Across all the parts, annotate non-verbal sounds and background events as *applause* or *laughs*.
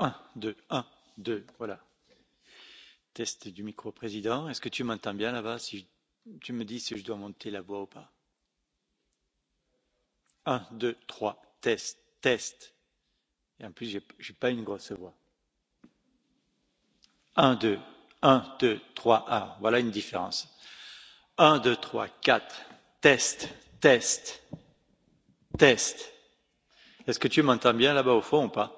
Un, deux, un, deux, voilà. Test du micro président. Est-ce que tu m'entends bien là-bas si je, tu me dis si je dois monter la voix ou pas Un, deux, trois, test, test. Et en plus, je n'ai pas une grosse voix. Un, deux, un, deux, trois, un. Voilà une différence. Un, deux, trois, quatre. Test, test, test. Est-ce que tu m'entends bien là-bas au fond ou pas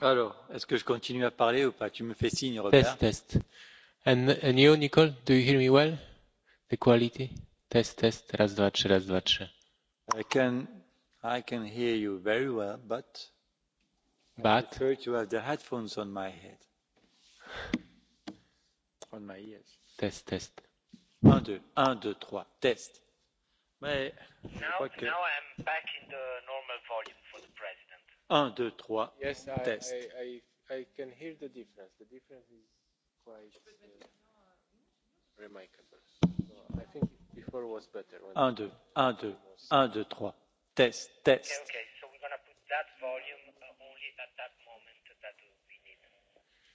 Alors, est-ce que je continue à parler ou pas Tu me fais signe, Robert. Test, test. And, and you, Nicole, do you hear me well? The quality? Test, test. Raz, dwa, trzy, raz, dwa, trzy. I can, I can hear you very well, but, but I prefer to have the headphones on my head. On my ears. Test, test. Un, deux, un, deux, trois. Test. Mais, now, je crois que... now I'm back in the normal volume. Un, deux, trois. Yes, I, test. I, I, I can hear the difference. The difference is quite uh, remarkable. So I think before was better. When un, deux, un, deux, un, deux, trois. Test, test. Okay, okay. So we're going to put that volume uh, only at that moment that we need.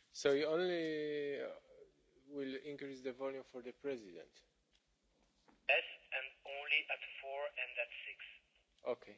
So you only uh, will increase the volume for the president. Yes, and only at four and at six. Okay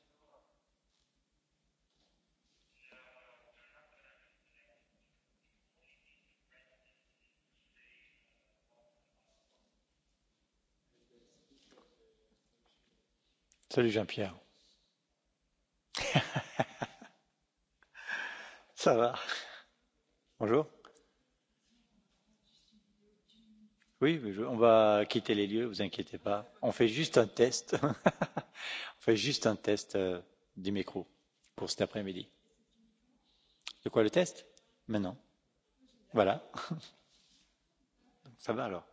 salut jean pierre *laughs* ça va bonjour oui mais je- on va quitter les lieux vous inquiétez pas on fait juste un test *laughs* on fait juste un test euh, des micros pour cet après midi de quoi le test maintenant voilà *laughs* ça va alors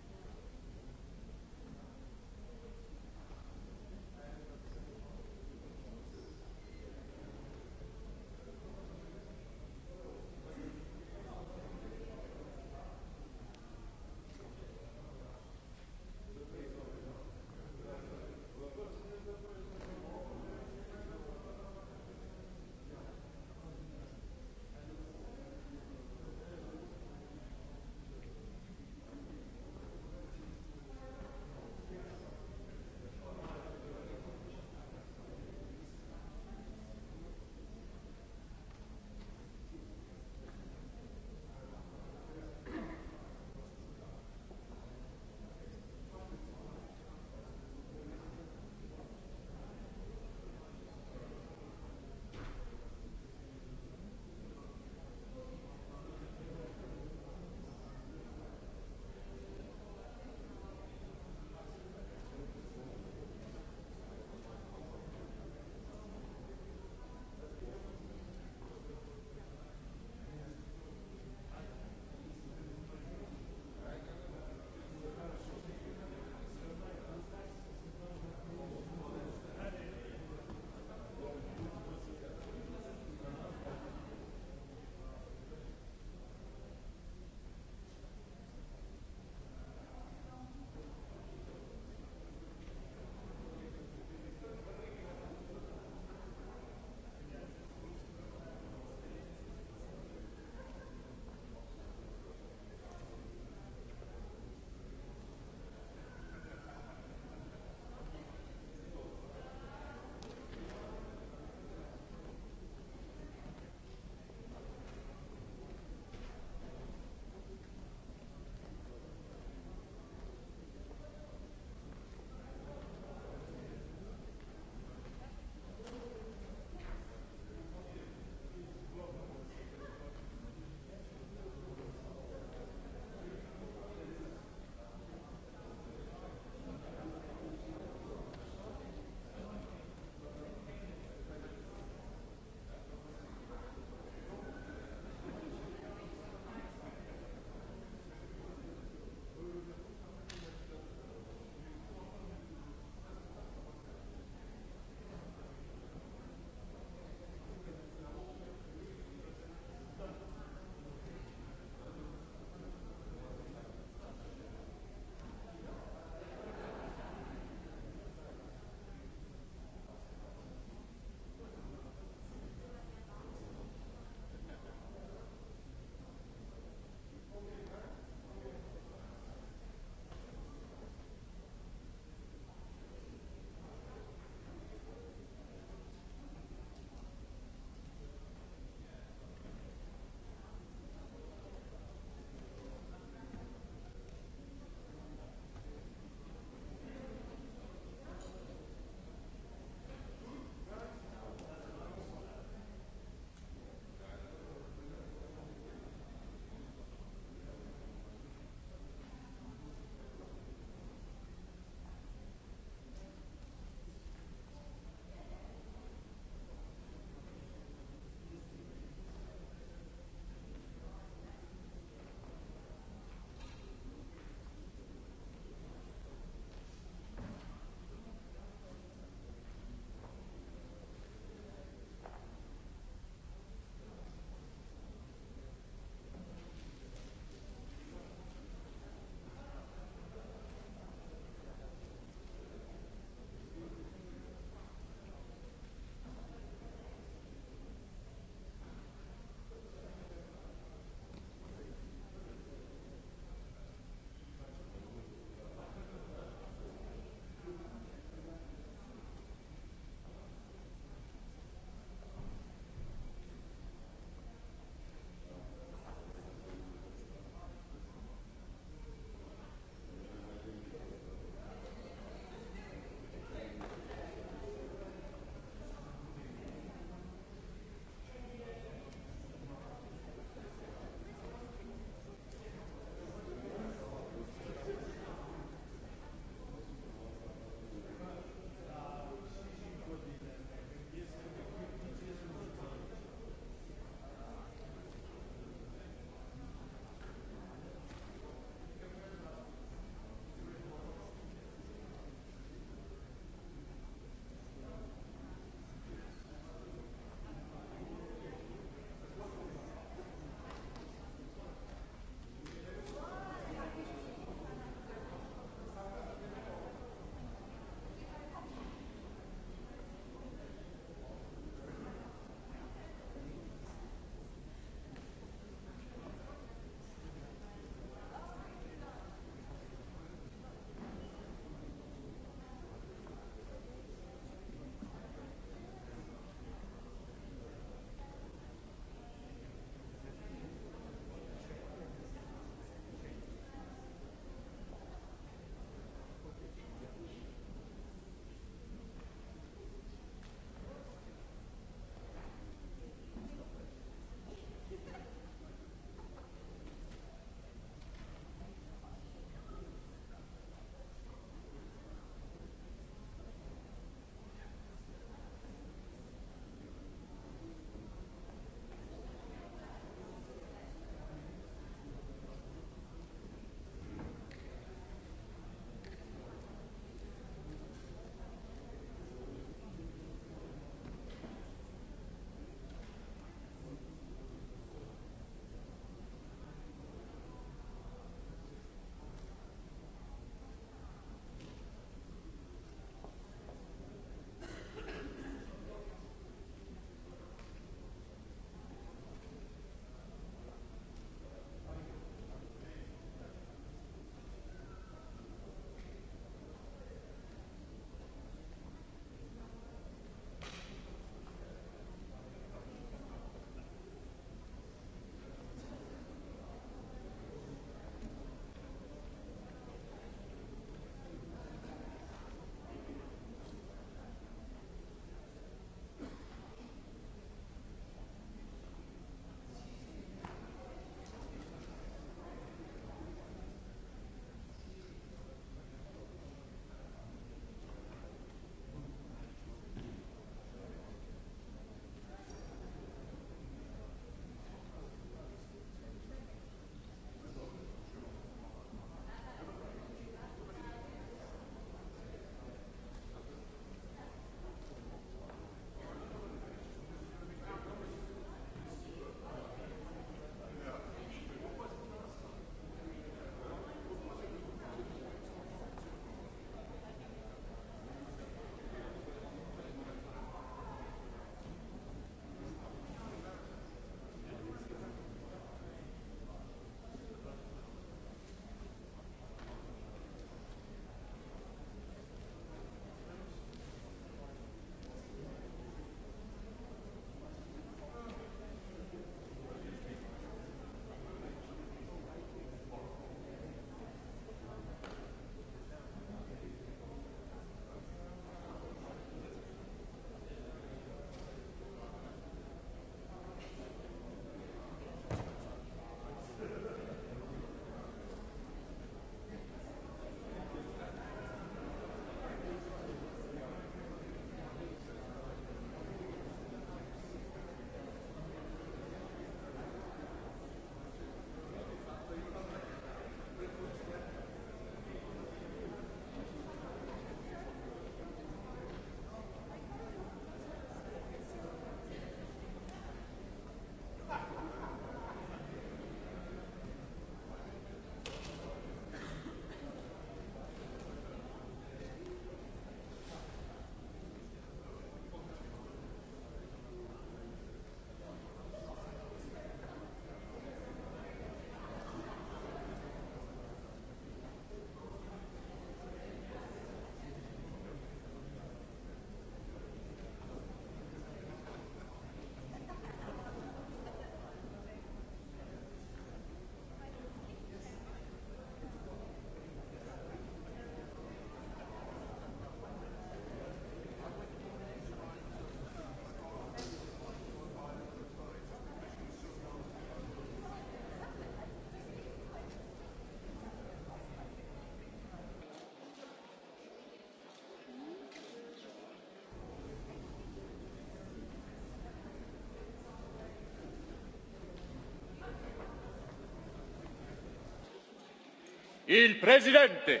il presidente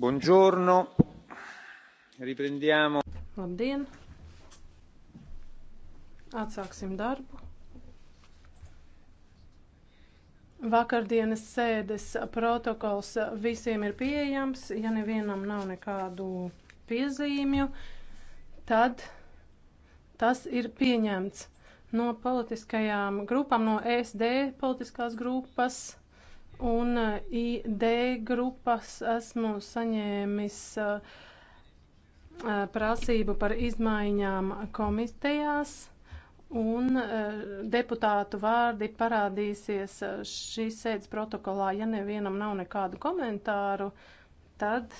buongiorno riprendiamo labdien atsāksim darbu Vakardienas sēdes protokols visiem ir pieejams. Ja nevienam nav nekādu piezīmju, tad tas ir pieņemts no politiskajām grupām, no e SD politiskās grupas un eh, ID grupas esmu saņēmis eh, eh, prasību par izmaiņām komitejās un deputātu vārdi parādīsies šīs sēdes protokolā. Ja nevienam nav nekādu komentāru, tad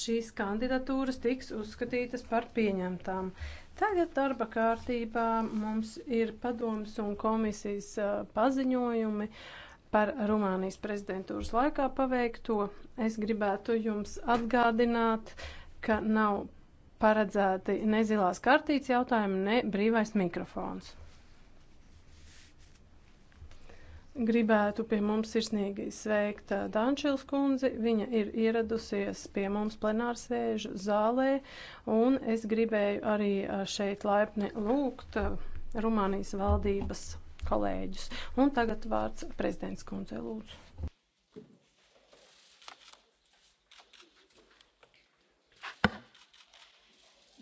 šīs kandidatūras tiks uzskatītas par pieņemtām. Tagad darba kārtībā mums ir padomas un komisijas paziņojumi par Rumānijas prezidentūras laikā paveikto. Es gribētu jums atgādināt, ka nav paredzēti ne zilās kartītes jautājumi, ne brīvais mikrofons. Gribētu pie mums sirsnīgi sveikt Dančils kundzi. Viņa ir ieradusies pie mums plenārsēžu zālē, un es gribēju arī šeit laipni lūgt Rumānijas valdības kolēģus. Un tagad vārds prezidents kundzei lūdzu.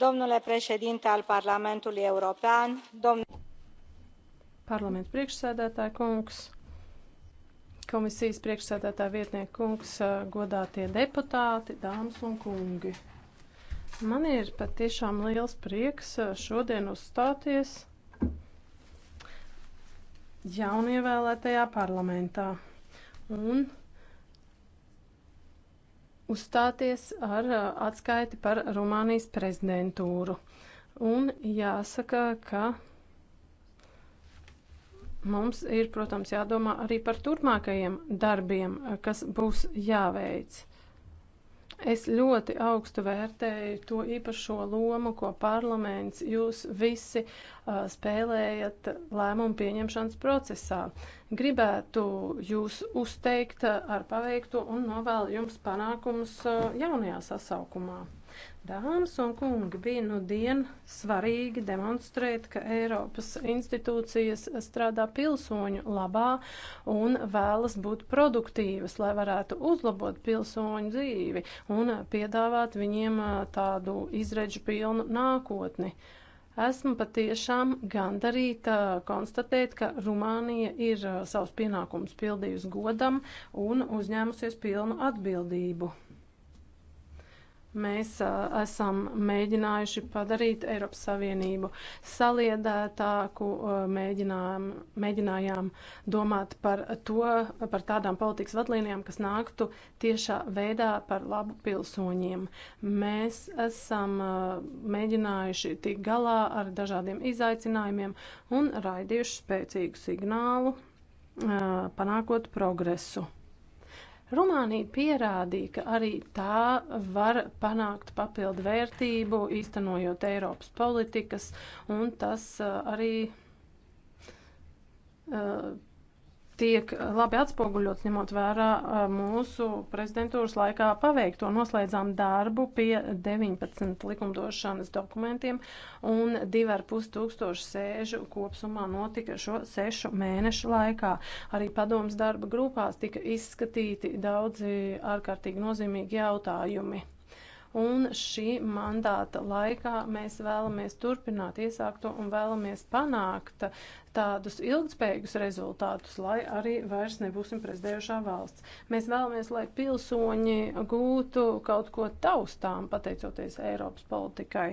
Domnule președinte al Parlamentului European, domnule Parlamenta priekšsēdētāja kungs, komisijas priekšsēdētā vietnieka kungs, godātie deputāti, dāmas un kungi. Man ir patiešām liels prieks šodien uzstāties jaunievēlētajā parlamentā un uzstāties ar atskaiti par Rumānijas prezidentūru. Un jāsaka, ka mums ir, protams, jādomā arī par turpmākajiem darbiem, kas būs jāveic. Es ļoti augstu vērtēju to īpašo lomu, ko parlaments jūs visi uh, spēlējat lēmumu pieņemšanas procesā. Gribētu jūs uzteikt uh, ar paveikto un novēlu jums panākumus uh, jaunajā sasaukumā. Dāmas un kungi, bija nu dien svarīgi demonstrēt, ka Eiropas institūcijas strādā pilsoņu labā un vēlas būt produktīvas, lai varētu uzlabot pilsoņu dzīvi un piedāvāt viņiem tādu izredžu pilnu nākotni. Esmu patiešām gandarīta konstatēt, ka Rumānija ir savus pienākumus pildījusi godam un uzņēmusies pilnu atbildību. Mēs a, esam mēģinājuši padarīt Eiropas Savienību saliedētāku, mēģinām, mēģinājām domāt par to, par tādām politikas vadlīnijām, kas nāktu tiešā veidā par labu pilsoņiem. Mēs esam a, mēģinājuši tik galā ar dažādiem izaicinājumiem un raidījuši spēcīgu signālu, a, panākot progresu. Rumānija pierādīja, ka arī tā var panākt papildu vērtību, īstenojot Eiropas politikas, un tas uh, arī uh, tiek eh, labi atspoguļots, ņemot vērā eh, mūsu prezidentūras laikā paveikto. Noslēdzām darbu pie 19 likumdošanas dokumentiem un 2,5 tūkstošu sēžu kopsumā notika šo sešu mēnešu laikā. Arī padomas darba grupās tika izskatīti daudzi ārkārtīgi nozīmīgi jautājumi un šī mandāta laikā mēs vēlamies turpināt iesākto un vēlamies panākt tādus ilgspējīgus rezultātus, lai arī vairs nebūsim prezidējušā valsts. Mēs vēlamies, lai pilsoņi gūtu kaut ko taustām, pateicoties Eiropas politikai.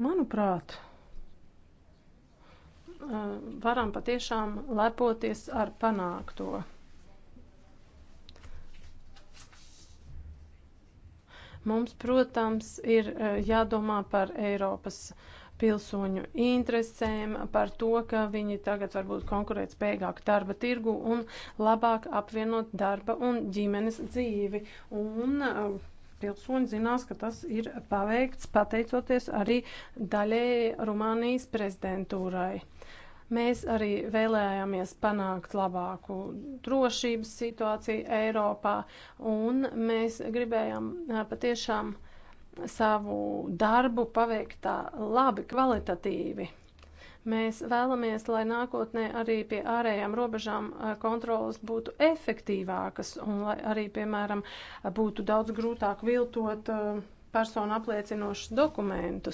Manuprāt, varam patiešām lepoties ar panākto. Mums, protams, ir eh, jādomā par Eiropas pilsoņu interesēm, par to, ka viņi tagad varbūt konkurēt spējīgāk darba tirgu un labāk apvienot darba un ģimenes dzīvi. Un eh, pilsoņi zinās, ka tas ir paveikts pateicoties arī daļēji Rumānijas prezidentūrai. Mēs arī vēlējāmies panākt labāku drošības situāciju Eiropā, un mēs gribējām patiešām savu darbu paveikt tā labi, kvalitatīvi. Mēs vēlamies, lai nākotnē arī pie ārējām robežām kontrolas būtu efektīvākas un lai arī, piemēram, būtu daudz grūtāk viltot personu apliecinošus dokumentus.